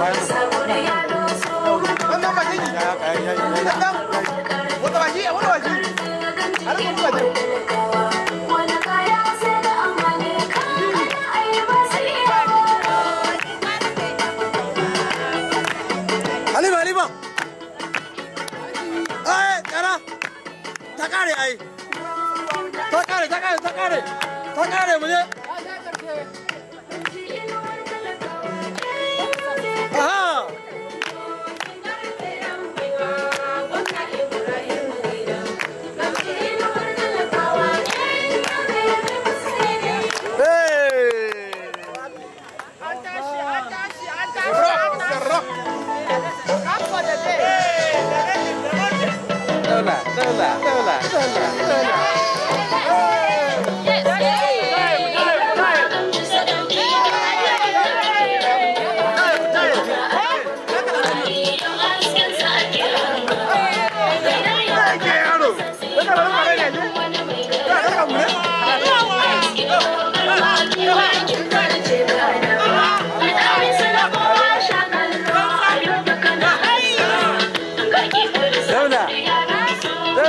ta kare ta kare ta kare ta kare mu je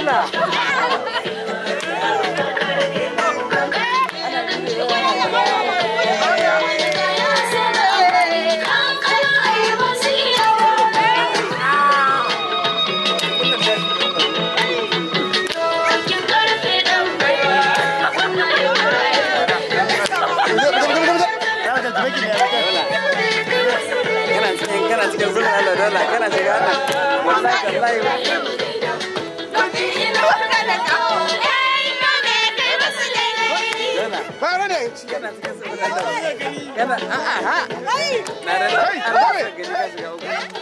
Anna. Kan Hey! ne. A'a. Ai.